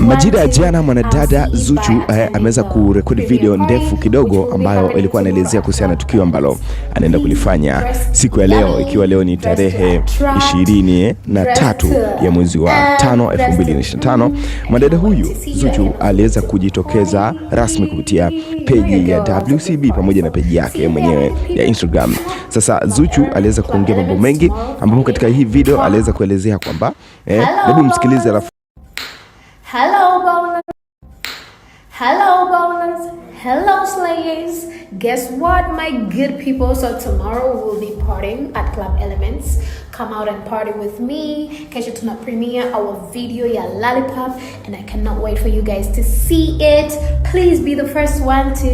Majira ya jana mwanadada Zuchu eh, ameweza kurekodi video ndefu kidogo ambayo ilikuwa anaelezea kuhusiana na tukio ambalo anaenda kulifanya siku ya leo, ikiwa leo ni tarehe ishirini na ya mwezi wa tano 2025. Mwanadada huyu Zuchu aliweza kujitokeza rasmi kupitia peji ya WCB pamoja na peji yake mwenyewe ya Instagram. Sasa Zuchu aliweza kuongea mambo mengi, ambapo katika hii video aliweza kuelezea kwamba eh, hebu msikilize alafu Hello, Boners! Hello, Boners! Hello, Slayers! Guess what, my good people? So, tomorrow we'll be partying at Club Elements. Come out and party with me. to Tuna premiere our video, your lollipop, and I cannot wait for you guys to see it. Please be the first one to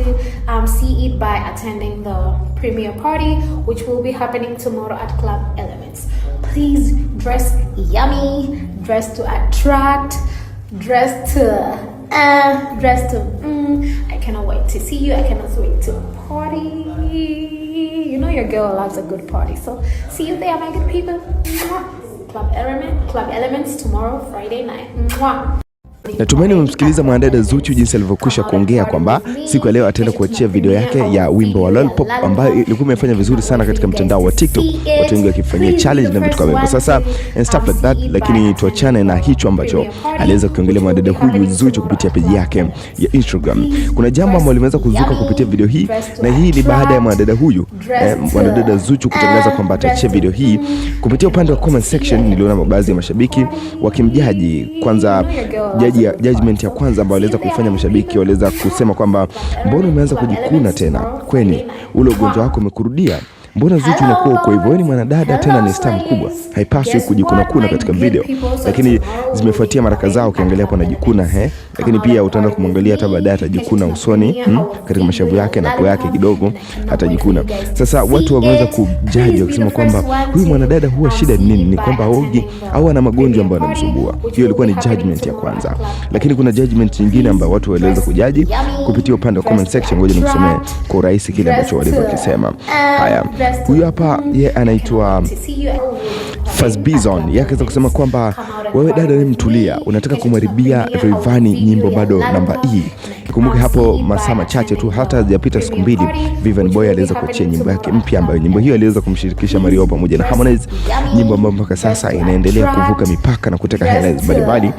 um, see it by attending the premiere party, which will be happening tomorrow at Club Elements. Please dress yummy, dress to attract dressed uh, dressed mm, I cannot wait to see you. I cannot wait to party. You know your girl loves a good party. So see you there, my good people. Club Element, Club Elements tomorrow, Friday night. Mwah. Natumaini umemsikiliza mwanadada Zuchu jinsi alivyokwisha kuongea kwamba siku ya leo ataenda kuachia video yake ya wimbo wa Lollipop ambayo ilikuwa imefanya vizuri sana katika mtandao wa TikTok, watu wengi wakifanyia challenge na vitu kama hivyo sasa and stuff like that. Lakini tuachane na hicho ambacho aliweza kukiongelea mwanadada huyu Zuchu kupitia peji yake ya Instagram. Kuna jambo ambalo limeweza kuzuka kupitia video hii, na hii ni baada ya mwanadada huyu eh, mwanadada Zuchu kutangaza kwamba ataachia video hii. Kupitia upande wa comment section, niliona baadhi ya mashabiki wakimjaji kwanza judge ya, judgment ya kwanza ambayo aliweza kuifanya mashabiki waliweza kusema kwamba mbona umeanza kujikuna tena, kweni ule ugonjwa wako umekurudia. Mbona zitu inakuwa uko hivyo? Wewe ni yaani mwanadada tena ni star mkubwa, haipaswi kujikunakuna katika video, lakini zimefuatia maraka zao. Ukiangalia hapo anajikuna he, eh? lakini pia utaenda kumwangalia hata baadaye atajikuna usoni hmm? katika mashavu yake na pua yake kidogo atajikuna. Sasa watu wameweza kujaji wakisema kwamba huyu mwanadada huwa shida nini? Ni kwamba ogi au ana magonjwa ambayo yanamsumbua? Hiyo ilikuwa ni judgment ya kwanza, lakini kuna judgment nyingine ambayo watu waliweza kujaji kupitia upande wa comment section. Ngoja nikusomee kwa urahisi kile ambacho walivyokisema. Haya. Huyu hapa ye anaitwa Fazbizon, ye akaweza kusema kwamba wewe dada, mtulia, unataka kumharibia Rayvanny nyimbo bado namba E. Tukumbuke hapo masaa machache tu hata hazijapita siku mbili, Vivian Boy aliweza kuachia nyimbo yake mpya, ambayo nyimbo hiyo aliweza kumshirikisha Mario pamoja na Harmonize, nyimbo ambayo mpaka sasa inaendelea kuvuka mipaka na kuteka headlines mbalimbali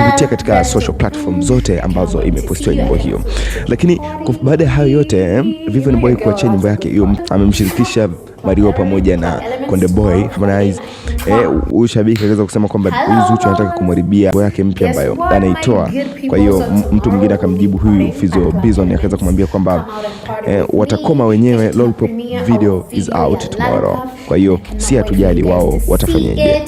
kupitia katika social platform zote ambazo imepostiwa nyimbo hiyo. Lakini baada ya hayo yote, eh, Vivian Boy kuachia nyimbo yake hiyo amemshirikisha mario pamoja na Konde Boy Harmonize. Eh, huyu shabiki akaweza kusema kwamba Zuchu anataka kumharibia nyimbo yake mpya ambayo anaitoa. Kwa hiyo mtu mwingine akamjibu huyu Fizzo Bizon akaweza kumwambia kwamba eh, watakoma wenyewe, Lollipop video is out tomorrow. Kwa hiyo si hatujali wao watafanyaje.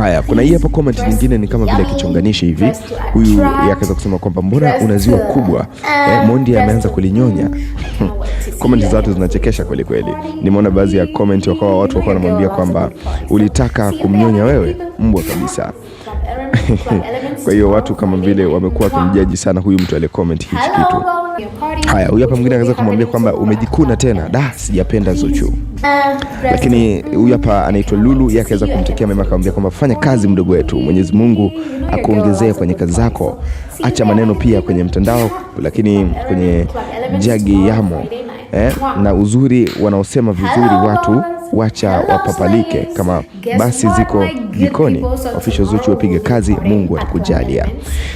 Haya, kuna hii hapa comment nyingine ni kama vile kichonganishi hivi. Huyu yakaweza kusema kwamba mbona una ziwa kubwa eh, Mondi ameanza kulinyonya. Hmm. Comment za watu zinachekesha kweli kweli. Nimeona baadhi ya comment wakawa watu wakawa wanamwambia kwamba ulitaka kumnyonya wewe mbwa kabisa Kwa hiyo watu kama vile wamekuwa wakimjaji sana huyu mtu aliyecomment hichi kitu. Haya, huyu hapa mwingine anaweza kumwambia kwamba umejikuna tena, da, sijapenda Zuchu. Uh, lakini huyu hapa anaitwa Lulu, yeye akaweza kumtekea mema, akamwambia kwamba fanya kazi mdogo wetu, Mwenyezi Mungu akuongezee kwenye kazi zako, acha maneno pia kwenye mtandao, lakini kwenye jagi yamo eh, na uzuri wanaosema vizuri watu wacha wapapalike. Kama basi ziko jikoni, official Zuchu wapige kazi, Mungu atakujalia.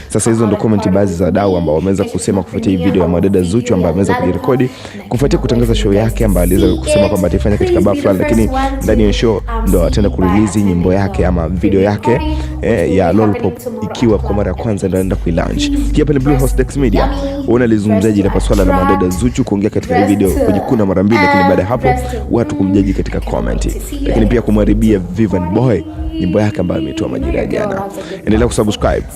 Sasa hizo ndo komenti baadhi za wadau ambao wameweza kusema kufuatia hii video ya mwadada Zuchu ambaye ameweza kujirekodi kufuatia kutangaza show yake ambayo aliweza kusema kwamba ataifanya katika baa fulani, lakini ndani ya show ndo ataenda kurelease nyimbo yake ama video yake eh, ya Lollipop ikiwa kwa mara ya kwanza ndo anaenda kuilaunch pia pale Blue Host Dex Media. Unaona lizungumzaji la swala la mwadada Zuchu kuongea katika hii video kujikuna mara mbili, lakini baada ya hapo watu kumjaji katika katika komenti, lakini pia kumwharibia Vivian Boy nyimbo yake ambayo imetoa majira ya jana. Endelea kusubscribe.